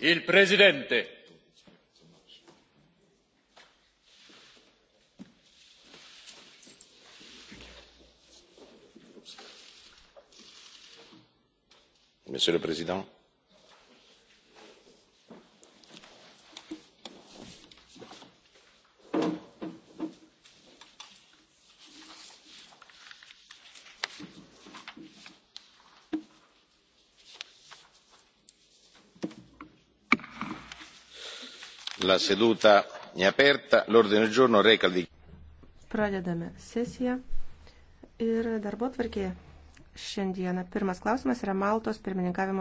il presidente monsieur le président La seduta è aperta. L'ordine del giorno reca di... Pradedame sesiją. Ir darbo tvarkėje šiandieną pirmas klausimas yra Maltos pirmininkavimo